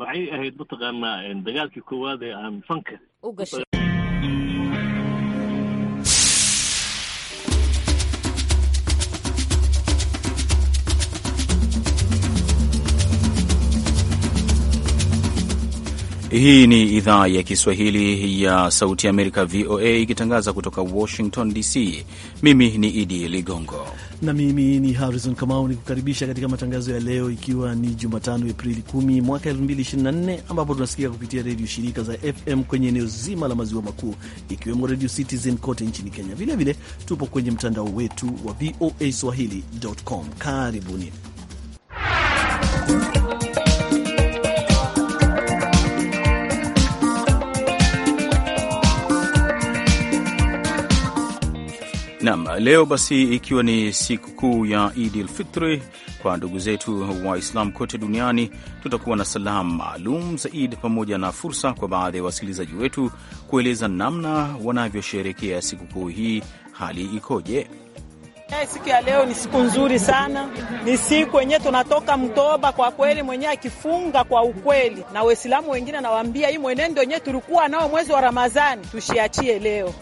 waxay ahayd mataqaanaa dagaalkii koowaad ee aan fanka Hii ni idhaa ya Kiswahili ya Sauti ya Amerika, VOA, ikitangaza kutoka Washington DC. Mimi ni Idi Ligongo na mimi ni Harrison Kamau, ni kukaribisha katika matangazo ya leo, ikiwa ni Jumatano Aprili 10 mwaka 2024, ambapo tunasikika kupitia redio shirika za FM kwenye eneo zima la maziwa makuu, ikiwemo Redio Citizen kote nchini Kenya. Vilevile vile, tupo kwenye mtandao wetu wa voa swahili.com. Karibuni Naam, leo basi ikiwa ni siku kuu ya Idi lfitri kwa ndugu zetu waislam kote duniani, tutakuwa na salamu maalum za Id pamoja na fursa kwa baadhi ya wasikilizaji wetu kueleza namna wanavyosherehekea sikukuu hii. Hali ikoje? Eh, siku ya leo ni siku nzuri sana, ni siku yenyewe tunatoka mtoba kwa kweli, mwenyewe akifunga kwa ukweli, na waislamu wengine anawaambia hii mwenendo wenyewe tulikuwa nao mwezi wa Ramadhani tushiachie leo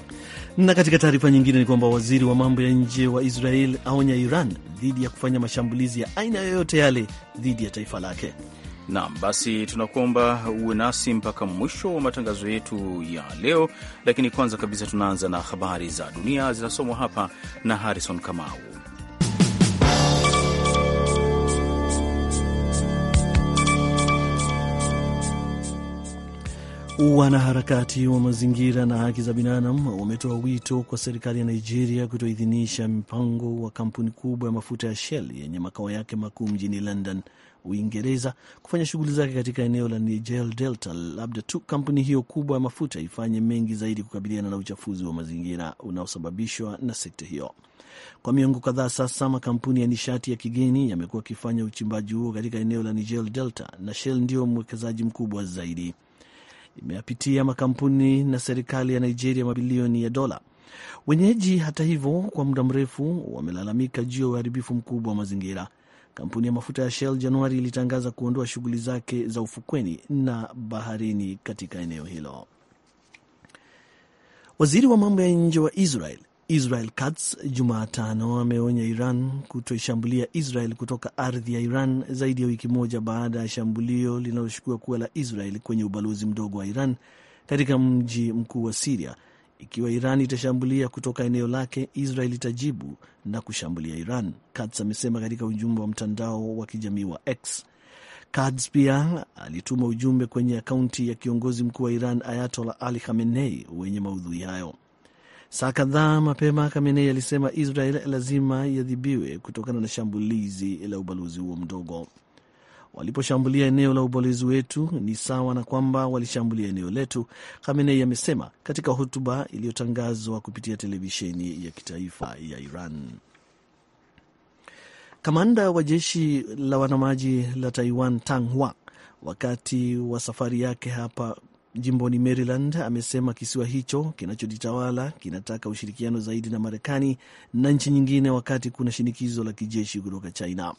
na katika taarifa nyingine ni kwamba waziri wa mambo ya nje wa Israel aonya Iran dhidi ya kufanya mashambulizi ya aina yoyote yale dhidi ya taifa lake. Naam, basi tunakuomba uwe nasi mpaka mwisho wa matangazo yetu ya leo, lakini kwanza kabisa tunaanza na habari za dunia zinasomwa hapa na Harrison Kamau. Wanaharakati wa mazingira na haki za binadamu wametoa wito kwa serikali ya Nigeria kutoidhinisha mpango wa kampuni kubwa ya mafuta ya Shell yenye makao yake makuu mjini London, Uingereza, kufanya shughuli zake katika eneo la Niger Delta, labda tu kampuni hiyo kubwa ya mafuta ifanye mengi zaidi kukabiliana na uchafuzi wa mazingira unaosababishwa na sekta hiyo. Kwa miongo kadhaa sasa, makampuni ya nishati ya kigeni yamekuwa akifanya uchimbaji huo katika eneo la Niger Delta, na Shell ndio mwekezaji mkubwa zaidi imeyapitia makampuni na serikali ya Nigeria mabilioni ya dola. Wenyeji hata hivyo, kwa muda mrefu wamelalamika juu ya uharibifu mkubwa wa mazingira. Kampuni ya mafuta ya Shell Januari ilitangaza kuondoa shughuli zake za ufukweni na baharini katika eneo hilo. Waziri wa mambo ya nje wa Israel Israel Katz Jumatano ameonya Iran kutoishambulia Israel kutoka ardhi ya Iran zaidi ya wiki moja baada ya shambulio linaloshukiwa kuwa la Israel kwenye ubalozi mdogo wa Iran katika mji mkuu wa Siria. Ikiwa Iran itashambulia kutoka eneo lake, Israel itajibu na kushambulia Iran, Katz amesema katika ujumbe wa mtandao wa kijamii wa X. Katz pia alituma ujumbe kwenye akaunti ya kiongozi mkuu wa Iran Ayatollah Ali Khamenei wenye maudhui hayo. Saa kadhaa mapema kamenei alisema Israel lazima iadhibiwe kutokana na shambulizi la ubalozi huo mdogo. Waliposhambulia eneo la ubalozi wetu ni sawa na kwamba walishambulia eneo letu, Khamenei amesema katika hotuba iliyotangazwa kupitia televisheni ya kitaifa ya Iran. Kamanda wa jeshi la wanamaji la Taiwan tanghua wakati wa safari yake hapa jimboni Maryland amesema kisiwa hicho kinachojitawala kinataka ushirikiano zaidi na Marekani na nchi nyingine, wakati kuna shinikizo la kijeshi kutoka China.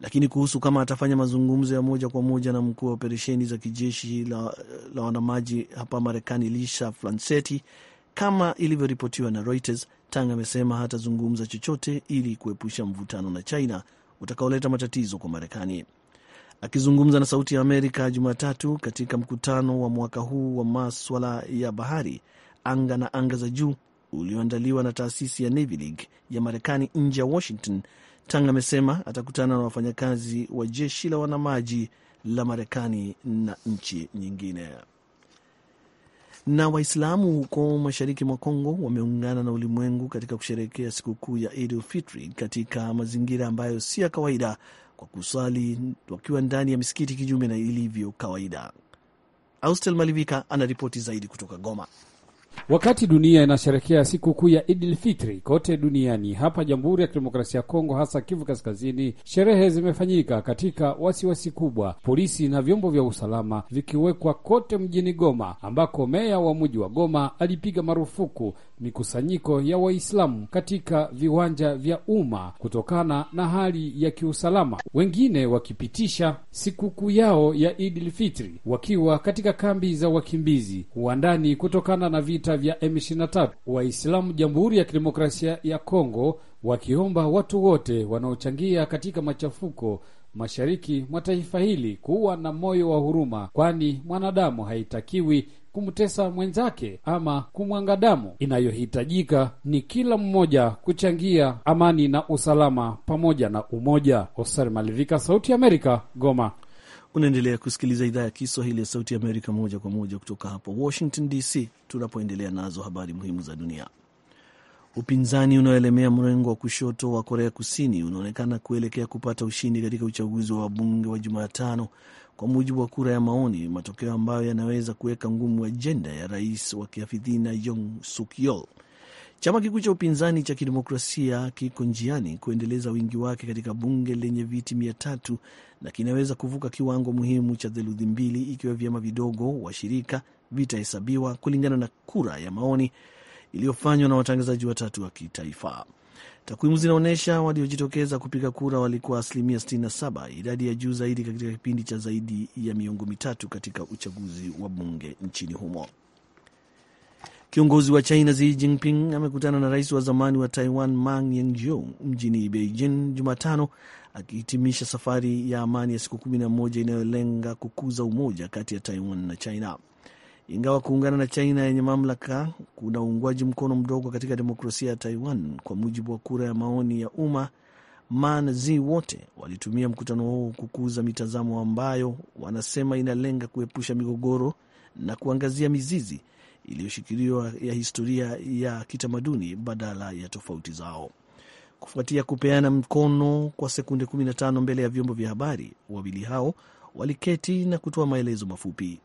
Lakini kuhusu kama atafanya mazungumzo ya moja kwa moja na mkuu wa operesheni za kijeshi la, la wanamaji hapa Marekani, Lisha Francetti, kama ilivyoripotiwa na Reuters, Tang amesema hatazungumza chochote ili kuepusha mvutano na China utakaoleta matatizo kwa Marekani. Akizungumza na Sauti ya Amerika Jumatatu katika mkutano wa mwaka huu wa maswala ya bahari, anga na anga za juu ulioandaliwa na taasisi ya Navy League ya Marekani nje ya Washington, Tang amesema atakutana na wafanyakazi wa jeshi la wanamaji la Marekani na nchi nyingine. Na Waislamu huko mashariki mwa Kongo wameungana na ulimwengu katika kusherehekea sikukuu ya Idul Fitri katika mazingira ambayo si ya kawaida kwa kusali wakiwa ndani ya misikiti kinyume na ilivyo kawaida. Austel Malivika anaripoti zaidi kutoka Goma. Wakati dunia inasherekea sikukuu ya Idil Fitri kote duniani, hapa Jamhuri ya Kidemokrasia ya Kongo, hasa Kivu Kaskazini, sherehe zimefanyika katika wasiwasi wasi kubwa, polisi na vyombo vya usalama vikiwekwa kote mjini Goma, ambako meya wa mji wa Goma alipiga marufuku mikusanyiko ya Waislamu katika viwanja vya umma kutokana na hali ya kiusalama, wengine wakipitisha sikukuu yao ya Idil Fitri wakiwa katika kambi za wakimbizi wa ndani kutokana na vita vita vya M23. Waislamu Jamhuri ya Kidemokrasia ya Kongo wakiomba watu wote wanaochangia katika machafuko mashariki mwa taifa hili kuwa na moyo wa huruma, kwani mwanadamu haitakiwi kumtesa mwenzake ama kumwanga damu. Inayohitajika ni kila mmoja kuchangia amani na usalama pamoja na umoja. Hoser Malivika, Sauti ya Amerika, Goma. Unaendelea kusikiliza idhaa ya Kiswahili ya Sauti ya Amerika moja kwa moja kutoka hapa Washington DC, tunapoendelea nazo habari muhimu za dunia. Upinzani unaoelemea mrengo wa kushoto wa Korea Kusini unaonekana kuelekea kupata ushindi katika uchaguzi wa wabunge wa Jumatano kwa mujibu wa kura ya maoni, matokeo ambayo yanaweza kuweka ngumu ajenda ya rais wa kiafidhina yong sukyol Chama kikuu cha upinzani cha kidemokrasia kiko njiani kuendeleza wingi wake katika bunge lenye viti mia tatu na kinaweza kuvuka kiwango muhimu cha theluthi mbili ikiwa vyama vidogo washirika vitahesabiwa, kulingana na kura ya maoni iliyofanywa na watangazaji watatu wa kitaifa. Takwimu zinaonyesha waliojitokeza kupiga kura walikuwa asilimia 67, idadi ya juu zaidi katika kipindi cha zaidi ya miongo mitatu katika uchaguzi wa bunge nchini humo. Kiongozi wa China Xi Jinping amekutana na rais wa zamani wa Taiwan Ma ying mjini Beijing Jumatano, akihitimisha safari ya amani ya siku 11 inayolenga kukuza umoja kati ya Taiwan na China. Ingawa kuungana na China yenye mamlaka kuna uungwaji mkono mdogo katika demokrasia ya Taiwan, kwa mujibu wa kura ya maoni ya umma, man z wote walitumia mkutano huo kukuza mitazamo ambayo wanasema inalenga kuepusha migogoro na kuangazia mizizi iliyoshikiliwa ya historia ya kitamaduni badala ya tofauti zao. Kufuatia kupeana mkono kwa sekunde 15 mbele ya vyombo vya habari, wawili hao waliketi na kutoa maelezo mafupi.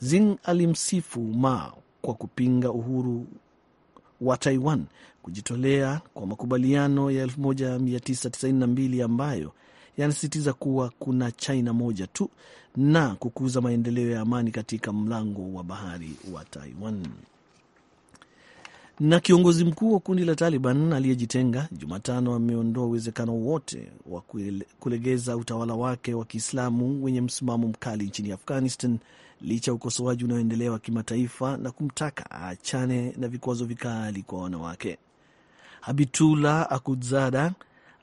Zing alimsifu Ma kwa kupinga uhuru wa Taiwan kujitolea kwa makubaliano ya 1992 ambayo yanasisitiza kuwa kuna China moja tu na kukuza maendeleo ya amani katika mlango wa bahari wa Taiwan. Na kiongozi mkuu wa kundi la Taliban aliyejitenga Jumatano ameondoa uwezekano wote wa kulegeza utawala wake wa Kiislamu wenye msimamo mkali nchini Afghanistan licha ya ukosoaji unaoendelea wa kimataifa na kumtaka aachane na vikwazo vikali kwa wanawake. Habitullah Akudzada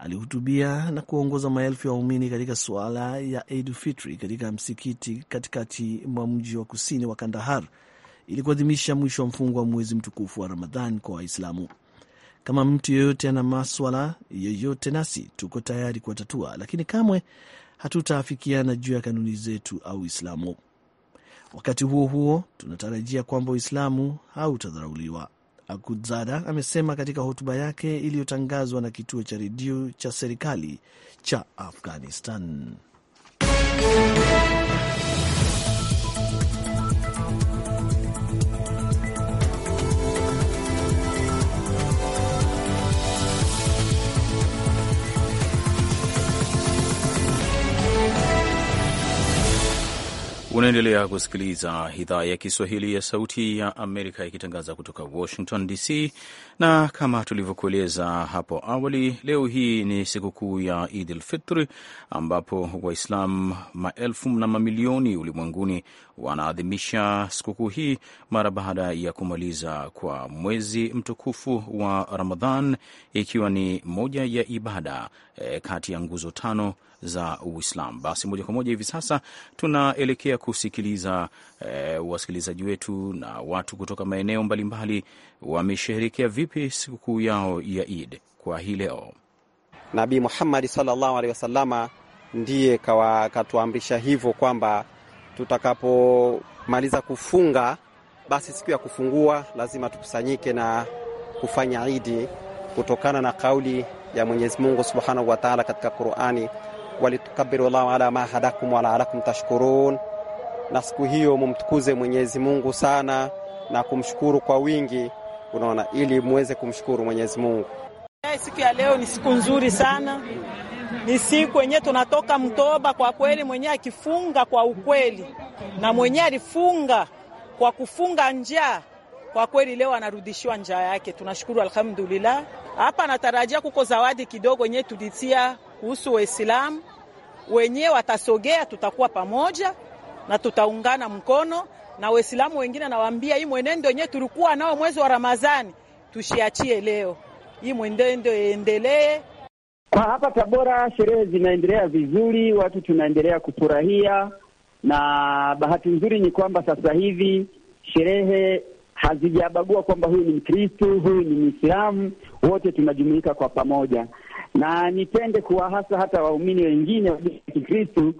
alihutubia na kuongoza maelfu ya waumini katika suala ya Eid Fitri katika msikiti katikati mwa mji wa kusini wa Kandahar ili kuadhimisha mwisho wa mfungo wa mwezi mtukufu wa Ramadhan kwa Waislamu. Kama mtu yeyote ana maswala yoyote, nasi tuko tayari kuwatatua, lakini kamwe hatutaafikiana juu ya kanuni zetu au Uislamu. Wakati huo huo, tunatarajia kwamba Uislamu hautadharauliwa. Agudzada amesema katika hotuba yake iliyotangazwa na kituo cha redio cha serikali cha Afghanistan. Unaendelea kusikiliza idhaa ya Kiswahili ya Sauti ya Amerika ikitangaza kutoka Washington DC, na kama tulivyokueleza hapo awali, leo hii ni sikukuu ya Id Fitri, ambapo waislam maelfu na mamilioni ulimwenguni wanaadhimisha sikukuu hii mara baada ya kumaliza kwa mwezi mtukufu wa Ramadhan, ikiwa ni moja ya ibada e, kati ya nguzo tano za Uislamu. Basi moja kwa moja hivi sasa tunaelekea kusikiliza eh, wasikilizaji wetu na watu kutoka maeneo mbalimbali wamesheherekea vipi sikukuu yao ya id kwa hii leo. Nabii muhammadi sallallahu alaihi wasalama ndiye katuamrisha hivyo kwamba tutakapomaliza kufunga basi siku ya kufungua lazima tukusanyike na kufanya idi, kutokana na kauli ya Mwenyezi Mungu subhanahu wa taala katika Qurani walitukabiru Allahu ala ma hadakum walaalakum tashkurun, na siku hiyo mumtukuze Mwenyezi Mungu sana na kumshukuru kwa wingi, unaona, ili muweze kumshukuru Mwenyezi Mungu. Siku ya leo ni siku nzuri sana, ni siku yenye tunatoka mtoba kwa kweli, mwenye akifunga kwa ukweli, na mwenye alifunga kwa kufunga njaa kwa kweli leo anarudishiwa njaa yake. Tunashukuru alhamdulillah. Hapa natarajia kuko zawadi kidogo yenye tulitia kuhusu Waislamu wenyewe watasogea, tutakuwa pamoja na tutaungana mkono na Waislamu wengine. Nawaambia hii mwenendo wenyewe tulikuwa nao mwezi wa Ramadhani tushiachie leo, hii mwenendo iendelee. Kwa hapa Tabora sherehe zinaendelea vizuri, watu tunaendelea kufurahia, na bahati nzuri ni kwamba sasa hivi sherehe hazijabagua kwamba huyu ni Mkristu, huyu ni Mwislamu, wote tunajumuika kwa pamoja na nipende kuwahasa hata waumini wengine wa dini ya Kikristu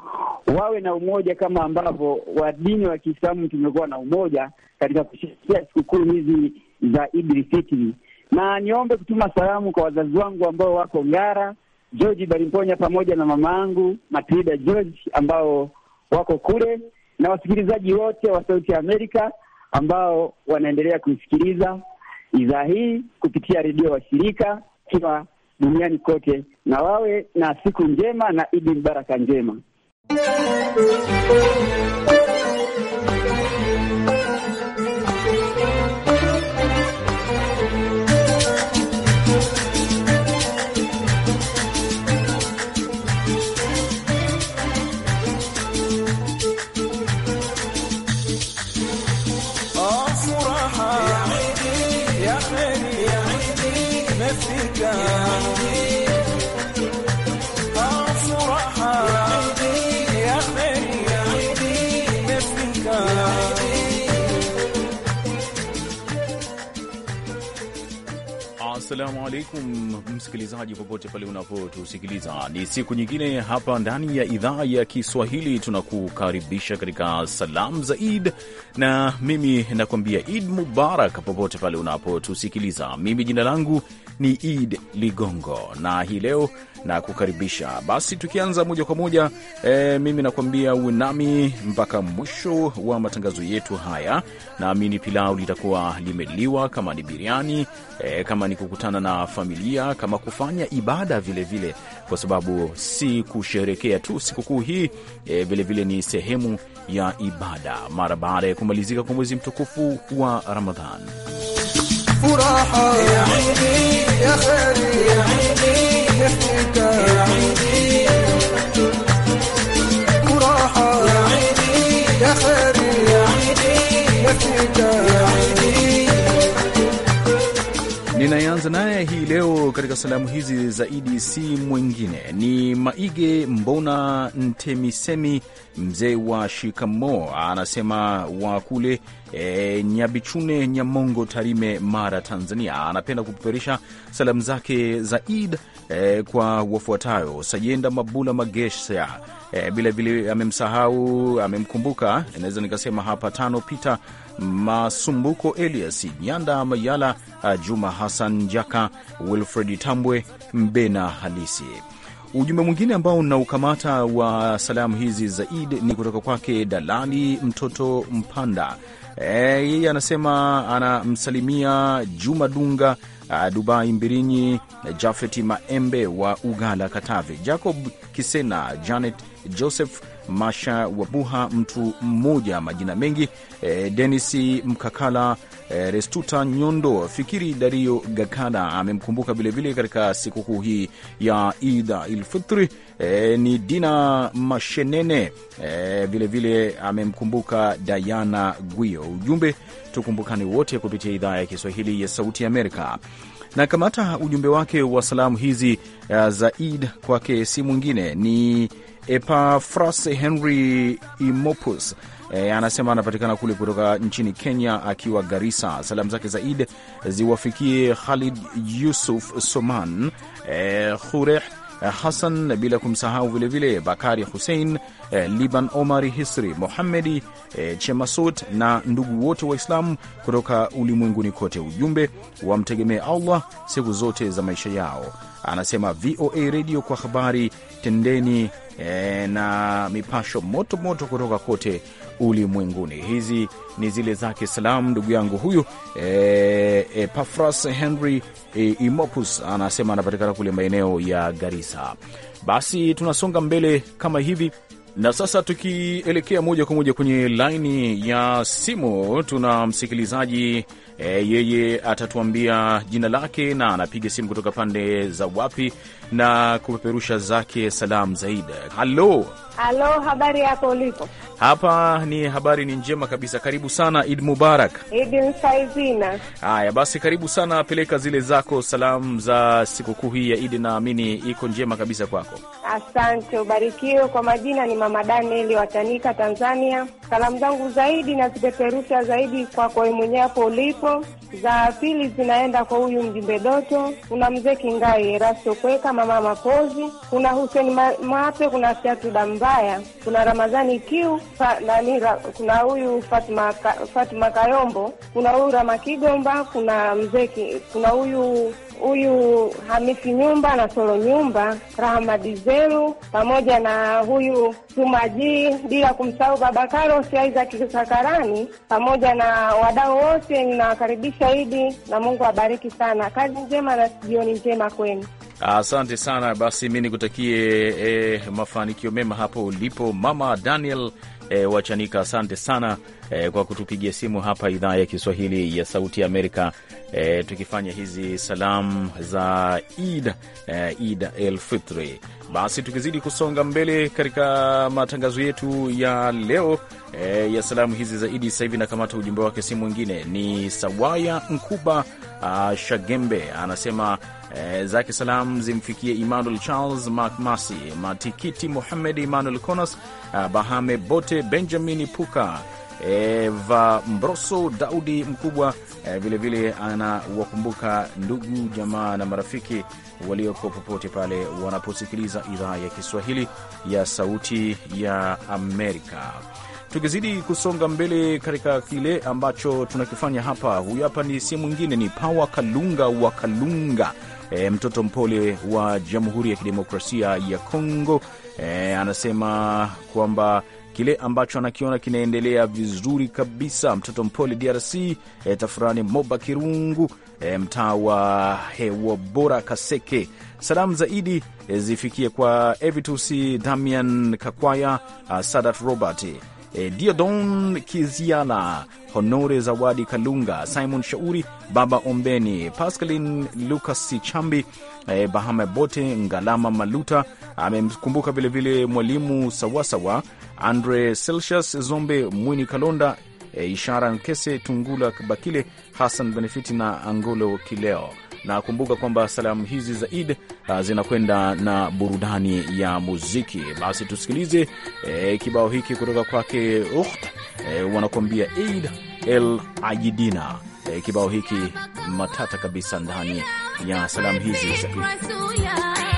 wawe na umoja kama ambavyo wadini wa Kiislamu tumekuwa na umoja katika kusherekea sikukuu hizi za Idil Fitri. Na niombe kutuma salamu kwa wazazi wangu ambao wako Ngara, George Barimponya pamoja na mama yangu Matilda George ambao wako kule, na wasikilizaji wote wa Sauti ya Amerika ambao wanaendelea kuisikiliza idhaa hii kupitia redio washirika ikiwa duniani kote, na wawe na siku njema na Idi mbaraka njema Assalamu alaikum, msikilizaji popote pale unapotusikiliza, ni siku nyingine hapa ndani ya idhaa ya Kiswahili tunakukaribisha katika salamu za id na mimi nakuambia id Mubarak popote pale unapotusikiliza. Mimi jina langu ni Id Ligongo na hii leo na kukaribisha basi, tukianza moja kwa moja e, mimi nakuambia uwe nami mpaka mwisho wa matangazo yetu haya. Naamini pilau litakuwa limeliwa, kama ni biriani e, eh, kama ni kukutana na familia, kama kufanya ibada vilevile vile, kwa sababu si kusherekea tu sikukuu hii eh, e, vilevile ni sehemu ya ibada mara baada ya kumalizika kwa mwezi mtukufu wa Ramadhan. وراحة Ninayeanza naye hii leo katika salamu hizi zaidi si mwingine ni Maige Mbona Ntemisemi, mzee wa shikamo, anasema wa kule e, Nyabichune Nyamongo, Tarime, Mara, Tanzania, anapenda kupeperisha salamu zake za Eid e, kwa wafuatayo: Sayenda Mabula Magesha, e, vile amemsahau amemkumbuka, naweza nikasema hapa tano Peter Masumbuko, Elias Nyanda Mayala, Juma Hassan Jaka, Wilfred Tambwe, Mbena Halisi Ujumbe mwingine ambao una ukamata wa salamu hizi zaidi ni kutoka kwake Dalali Mtoto Mpanda. E, yeye anasema anamsalimia Juma Dunga Dubai Mbirinyi, Jafeti Maembe wa Ugala Katavi, Jacob Kisena, Janet Joseph Masha Wabuha, mtu mmoja majina mengi, e, Denis Mkakala Eh, Restuta Nyondo. Fikiri Dario Gakada amemkumbuka vilevile katika sikukuu hii ya Idha Ilfitri. E, eh, ni Dina Mashenene vilevile eh, e, amemkumbuka Dayana Gwio. Ujumbe tukumbukane wote kupitia idhaa ya Kiswahili ya Sauti ya Amerika na kamata ujumbe wake wa salamu hizi za id kwake si mwingine ni Epafras Henry Imopus E, anasema anapatikana kule kutoka nchini Kenya akiwa Garissa. Salamu zake za Eid ziwafikie Khalid Yusuf Soman, e, Khureh e, Hassan, bila kumsahau vilevile Bakari Hussein, e, Liban Omari Hisri, muhamedi e, Chemasut na ndugu wote Waislamu kutoka ulimwenguni kote. Ujumbe wamtegemee Allah siku zote za maisha yao. Anasema VOA redio kwa habari tendeni, e, na mipasho moto moto kutoka kote ulimwenguni. Hizi ni zile zake salam ndugu yangu huyu e, e, Pafras Henry e, Imopus anasema anapatikana kule maeneo ya garisa Basi tunasonga mbele kama hivi na sasa tukielekea moja kwa moja kwenye laini ya simu, tuna msikilizaji e, yeye atatuambia jina lake na anapiga simu kutoka pande za wapi na kupeperusha zake salamu zaidi. Halo. Halo, habari yako ulipo? Hapa ni habari ni njema kabisa. Karibu sana, Eid Mubarak. Eid Saizina. Haya basi, karibu sana, peleka zile zako salamu za sikukuu hii ya Eid, naamini iko njema kabisa kwako. Asante, ubarikiwe. Kwa majina ni Mama Danieli Watanika, Tanzania. Salamu zangu zaidi zipeperusha zaidi kwako wewe mwenyewe hapo ulipo. Za pili zinaenda kwa huyu mjumbe Doto, kuna mzee Kingai Erasto Kweka, mama Mapozi, kuna Hussein Mape, kuna Siatu Damba mbaya. kuna Ramadhani Kiu fa, nani, ra, kuna huyu Fatima, Fatima Kayombo, kuna huyu Rama Kigomba, kuna mzee, kuna huyu huyu Hamisi Nyumba na Soro Nyumba, Rahma Dizelu pamoja na huyu Tumaji, bila kumsahau Baba Karosi Aizaki Sakarani pamoja na wadau wote. Ninawakaribisha Idi na Mungu abariki sana. Kazi njema na jioni njema kwenu. Asante sana basi, mi nikutakie e, mafanikio mema hapo ulipo Mama Daniel e, Wachanika. Asante sana e, kwa kutupigia simu hapa idhaa ya Kiswahili ya Sauti ya Amerika e, tukifanya hizi salamu za Id e, Id el Fitri. Basi tukizidi kusonga mbele katika matangazo yetu ya leo e, ya salamu hizi za Idi, sasa hivi nakamata ujumbe wake, si mwingine ni Sawaya Nkuba ah, Shagembe anasema e, eh, zake salam zimfikie Emmanuel Charles Macmasi, Matikiti Muhamed, Emmanuel Conas, eh, Bahame Bote, Benjamin Puka, Eva Mbroso, Daudi Mkubwa. Vilevile eh, vile anawakumbuka ndugu jamaa na marafiki walioko popote pale wanaposikiliza idhaa ya Kiswahili ya Sauti ya Amerika. Tukizidi kusonga mbele katika kile ambacho tunakifanya hapa, huyu hapa ni si mwingine, ni Pawa Kalunga wa Kalunga e, mtoto mpole wa Jamhuri ya Kidemokrasia ya Kongo e, anasema kwamba kile ambacho anakiona kinaendelea vizuri kabisa. Mtoto mpole DRC e, tafurani Moba Kirungu e, mtaa wa hewa bora Kaseke. Salamu zaidi e, zifikie kwa Evitusi Damian Kakwaya, Sadat Robert eh, Diodon Kiziana, Honore Zawadi Kalunga, Simon Shauri, Baba Ombeni, Pascalin Lucas Chambi, eh, Bahame Bote Ngalama Maluta amemkumbuka vilevile Mwalimu Sawasawa, Andre Celsius Zombe, Mwini Kalonda, eh, Ishara Nkese, Tungula Bakile, Hassan Benefiti na Angolo Kileo na kumbuka kwamba salamu hizi za Eid ah, zinakwenda na burudani ya muziki. Basi tusikilize e, kibao hiki kutoka kwake Ukht e, eh, wanakuambia Eid El Ajidina. E, kibao hiki matata kabisa ndani ya salamu hizi za Eid.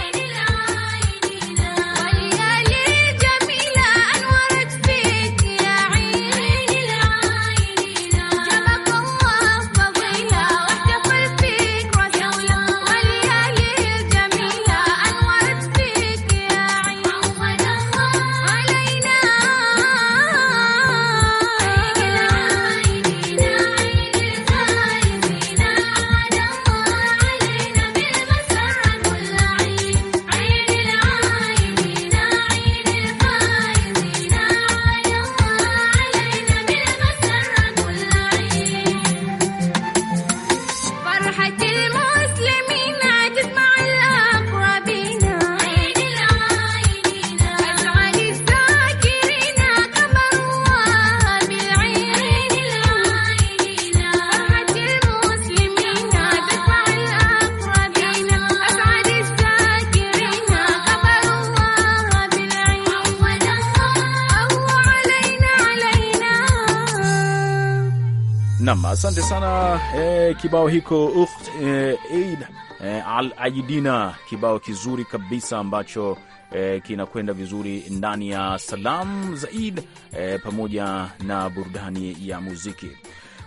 Nam, asante sana eh, kibao hiko ukht eh, Eid eh, al Ajidina, kibao kizuri kabisa ambacho eh, kinakwenda vizuri ndani ya salam za Eid eh, pamoja na burudani ya muziki.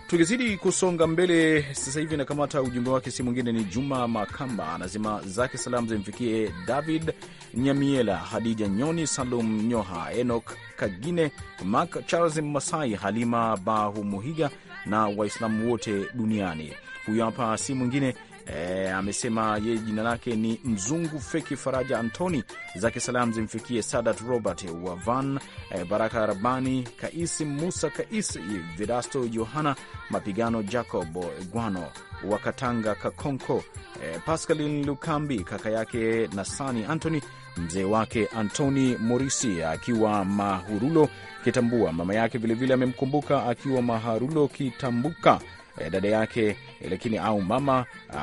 Tukizidi kusonga mbele sasa hivi, nakamata ujumbe wake, si mwingine ni Juma Makamba, anasema zake salamu zimfikie David Nyamiela, Hadija Nyoni, Salum Nyoha, Enok Kagine, Mak Charles Masai, Halima Bahu Muhiga na Waislamu wote duniani. Huyo hapa si mwingine E, amesema yeye jina lake ni Mzungu Feki Faraja Antoni. Zake salam zimfikie Sadat Robert wa Van e, Baraka Rabani Kaisi Musa Kaisi Vidasto johana Mapigano Jacob Gwano wakatanga Kakonko e, Pascalin Lukambi kaka yake Nasani Antoni mzee wake Antoni Morisi akiwa mahurulo Kitambua. Mama yake vilevile amemkumbuka akiwa Maharulo Kitambuka, eh, dada yake eh, lakini au mama a,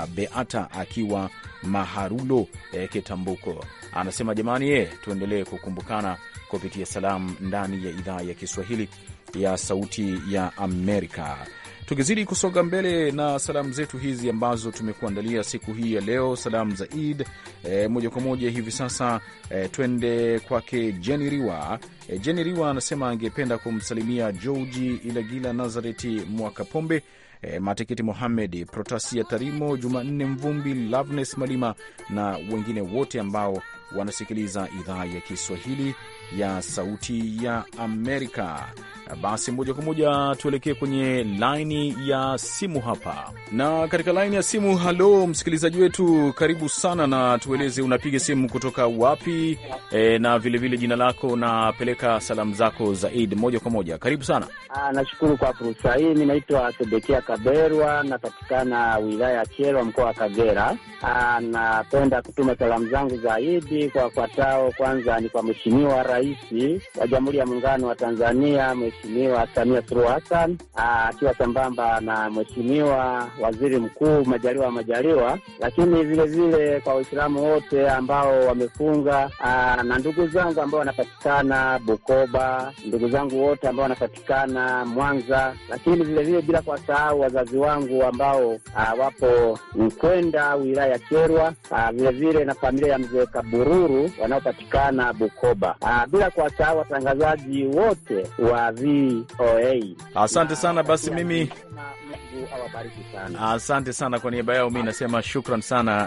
ah, Beata akiwa Maharulo e, Kitambuko. Anasema jamani, ye tuendelee kukumbukana kupitia salamu ndani ya idhaa ya Kiswahili ya Sauti ya Amerika. Tukizidi kusonga mbele na salamu zetu hizi ambazo tumekuandalia siku hii ya leo, salamu za Eid e, moja kwa moja hivi sasa e, twende kwake Jeni Riwa. E, eh, Jeni Riwa anasema angependa kumsalimia Georgi Ilagila, Nazareti Mwaka Pombe, e, Matikiti Mohamed, Protasia Tarimo, Jumanne Mvumbi, Loveness Malima na wengine wote ambao wanasikiliza idhaa ya Kiswahili ya Sauti ya Amerika. Basi moja kwa moja tuelekee kwenye laini ya simu hapa, na katika laini ya simu, halo msikilizaji wetu, karibu sana, na tueleze unapiga simu kutoka wapi, e, na vilevile jina lako na peleka salamu zako za Eid moja kwa moja. Karibu sana. Aa, ah, nashukuru kwa fursa hii. Mi naitwa Sedekia Kaberwa, napatikana wilaya ya Kyerwa, mkoa wa Kagera. Ah, napenda kutuma salamu zangu za Idi kwa fuatao. Kwanza ni kwa Mheshimiwa Rais wa Jamhuri ya Muungano wa Tanzania, Mheshimiwa Mheshimiwa Samia Suluhu Hassan ah, akiwa sambamba na Mheshimiwa Waziri Mkuu Majaliwa Majaliwa, lakini vilevile vile kwa Waislamu wote ambao wamefunga aa, ah, na ndugu zangu ambao wanapatikana Bukoba, ndugu zangu wote ambao wanapatikana Mwanza, lakini vilevile vile bila kuwasahau wazazi wangu ambao aa, ah, wapo Mkwenda wilaya ya Kyerwa, vilevile na familia ya mzee Kabururu wanaopatikana Bukoba, aa, bila kuwasahau watangazaji wote wa VOA. Asante sana basi, mimi asante sana kwa niaba yao, mi nasema shukran sana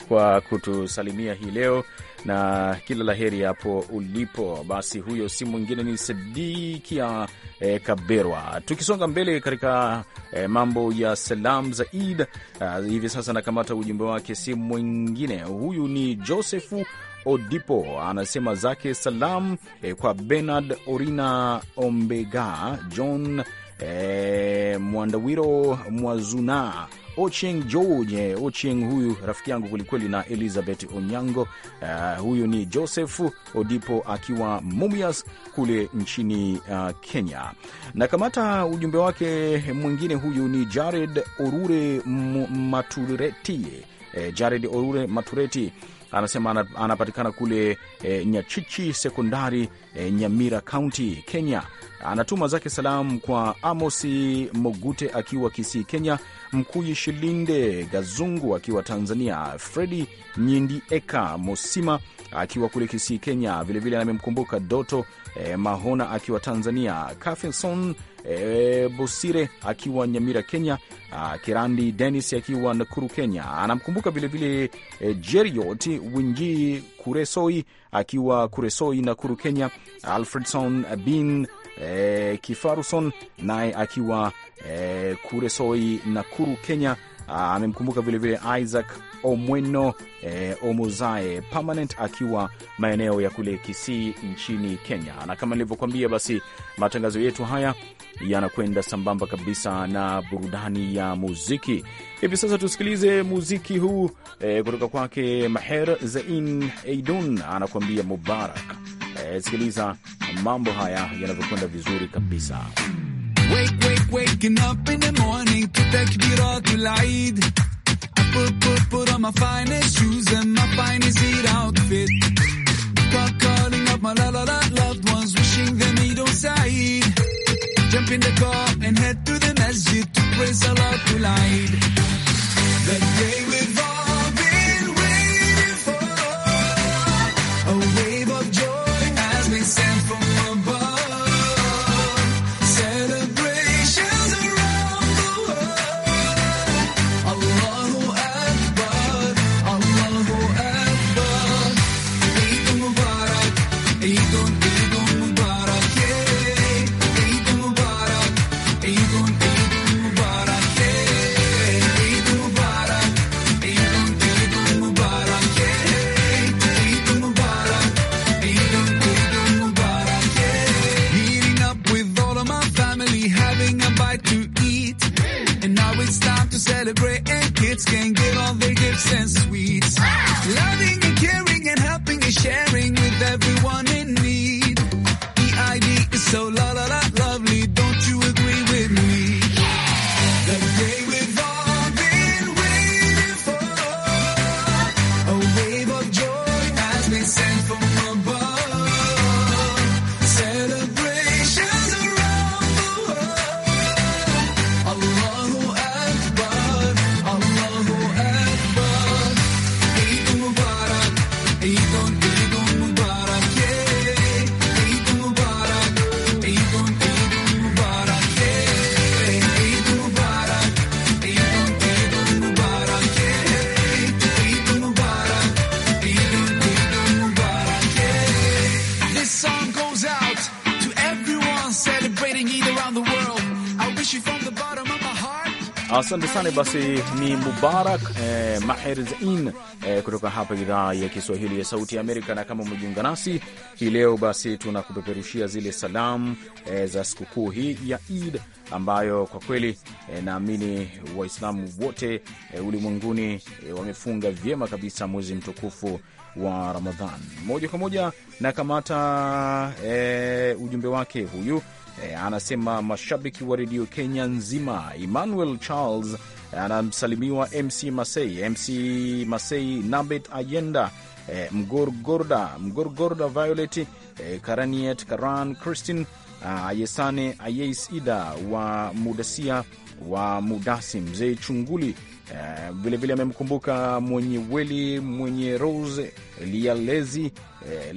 uh, kwa kutusalimia hii leo na kila la heri hapo ulipo. Basi huyo si mwingine ni Sadikia eh, Kaberwa. Tukisonga mbele katika eh, mambo ya salam za Eid uh, hivi sasa nakamata ujumbe wake, si mwingine huyu ni Josefu Odipo anasema zake salam eh, kwa Bernard Orina Ombega, John eh, Mwandawiro Mwazuna Ocheng George eh, Ocheng, huyu rafiki yangu kwelikweli, na Elizabeth Onyango. Uh, huyu ni Joseph Odipo akiwa Mumias kule nchini uh, Kenya. Na kamata ujumbe wake mwingine, huyu ni Jared Orure Matureti. Eh, Jared Orure Matureti anasema anapatikana kule e, Nyachichi Sekondari e, Nyamira Kaunti, Kenya. Anatuma zake salamu kwa Amosi Mogute akiwa Kisii, Kenya, Mkuyi Shilinde Gazungu akiwa Tanzania, Fredi Nyindieka Mosima akiwa kule Kisii, Kenya. Vilevile amemkumbuka Doto eh, Mahona akiwa Tanzania, Cafinson e, Bosire akiwa Nyamira, Kenya, a, Kirandi Denis akiwa Nakuru, Kenya. Anamkumbuka vilevile e, Jeriot Winji Kuresoi akiwa Kuresoi, Nakuru, Kenya. Alfredson bin e, Kifaruson naye akiwa e, Kuresoi, Nakuru, Kenya. Ah, amemkumbuka vilevile Isaac Omweno e, eh, Omuzae Permanent akiwa maeneo ya kule Kisii nchini Kenya. Na kama nilivyokuambia, basi matangazo yetu haya yanakwenda sambamba kabisa na burudani ya muziki. Hivi sasa tusikilize muziki huu e, kutoka kwake Maher Zain Eidun anakuambia Mubarak. E, sikiliza mambo haya yanavyokwenda vizuri kabisa. wait, wait. Waking up in the morning to take تكبيرات العيد I put, put, put on my finest shoes and my finest heat outfit Start calling up my la la la loved ones wishing them Eid on Saeed Jump in the car and head to the masjid to pray Salatul Eid The day Asante sana. Basi ni Mubarak eh, Maher Zain eh, kutoka hapa idhaa ya Kiswahili ya Sauti ya Amerika. Na kama umejiunga nasi hii leo, basi tunakupeperushia zile salamu eh, za sikukuu hii ya Eid ambayo kwa kweli eh, naamini Waislamu wote eh, ulimwenguni eh, wamefunga vyema kabisa mwezi mtukufu wa Ramadhan. Moja kwa moja na kamata eh, ujumbe wake huyu E, anasema mashabiki wa redio Kenya nzima. Emmanuel Charles anamsalimiwa MC Masei, MC Masei, Nabet Ayenda, e, Mgorgorda, Mgorgorda Violet, e, Karaniet Karan Christine Ah, Ayesane Ayes Ida wa Mudasia wa Mudasi, mzee Chunguli vilevile eh, amemkumbuka mwenye Weli mwenye Rose uh,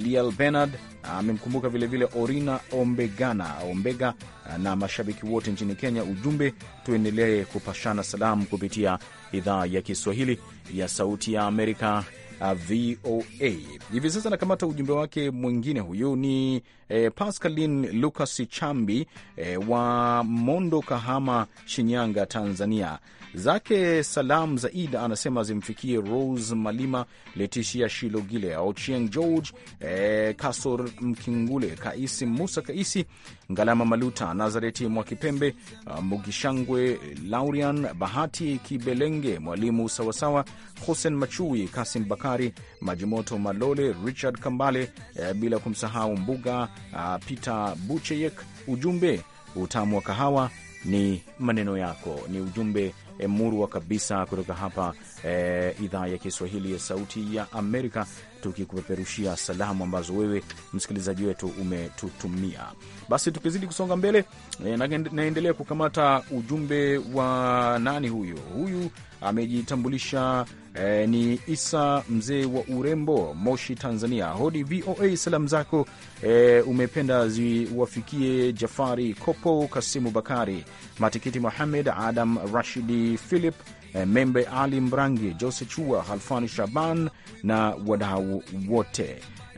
Lial Bernard amemkumbuka vilevile Orina Ombegana Ombega eh, na mashabiki wote nchini Kenya. Ujumbe, tuendelee kupashana salamu kupitia idhaa ya Kiswahili ya Sauti ya Amerika Uh, VOA. Hivi sasa nakamata ujumbe wake mwingine, huyu ni eh, Pascalin Lucas Chambi eh, wa Mondo, Kahama, Shinyanga, Tanzania zake salam zaid anasema zimfikie Rose Malima, Letishia Shilogile, Ochieng George, eh, Kasor Mkingule, Kaisi Musa, Kaisi Ngalama, Maluta Nazareti Mwakipembe, eh, Mugishangwe, Laurian Bahati Kibelenge, Mwalimu Sawasawa, Hussein Machui, Kasim Bakari, Majimoto Malole, Richard Kambale, eh, bila kumsahau Mbuga ah, Peter Bucheyek. Ujumbe utamu wa kahawa ni maneno yako, ni ujumbe Eh, murwa kabisa kutoka hapa e, idhaa ya Kiswahili ya Sauti ya Amerika tukikupeperushia salamu ambazo wewe msikilizaji wetu umetutumia. Basi tukizidi kusonga mbele e, naendelea kukamata ujumbe wa nani huyo, huyu amejitambulisha e, ni Isa mzee wa urembo, Moshi, Tanzania. Hodi VOA, salamu zako e, umependa ziwafikie Jafari Kopo, Kasimu Bakari, Matikiti, Mohamed Adam, Rashidi Philip Eh, Membe Ali Mrangi, Jose Chua, Halfani Shaban na wadau wote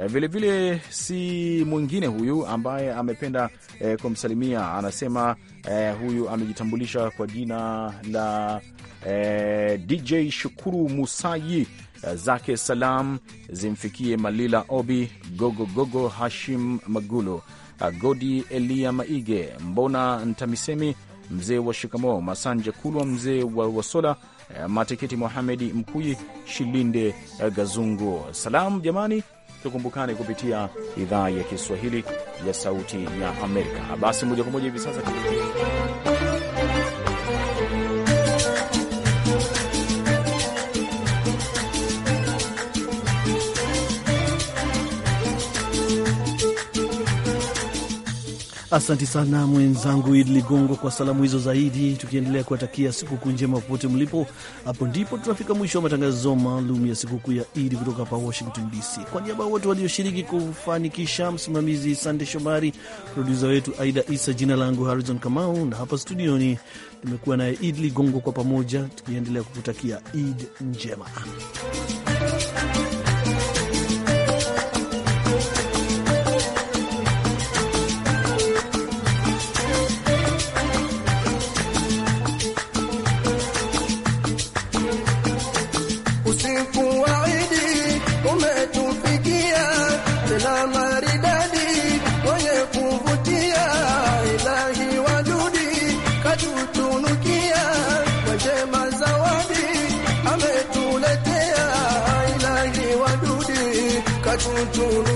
vilevile eh, vile si mwingine huyu ambaye amependa eh, kumsalimia. Anasema eh, huyu amejitambulisha kwa jina la eh, DJ Shukuru Musayi. Eh, zake salam zimfikie Malila Obi, Gogo Gogo, Hashim Magulo, Godi Elia Maige, Mbona Ntamisemi, mzee wa Shikamoo Masanja Kulwa, mzee wa Wasola eh, Matikiti, Muhamedi Mkuyi, Shilinde eh, Gazungu. Salamu jamani, tukumbukane kupitia idhaa ya Kiswahili ya Sauti ya Amerika. Basi moja kwa moja hivi sasa Asante sana mwenzangu Idi Ligongo kwa salamu hizo zaidi, tukiendelea kuwatakia sikukuu njema popote mlipo. Hapo ndipo tunafika mwisho wa matangazo maalum ya sikukuu ya Idi kutoka hapa Washington DC. Kwa niaba ya wote walioshiriki kufanikisha, msimamizi Sande Shomari, produsa wetu Aida Isa, jina langu Harrison Kamau na hapa studioni tumekuwa naye Idi Ligongo, kwa pamoja tukiendelea kukutakia Idi njema. chole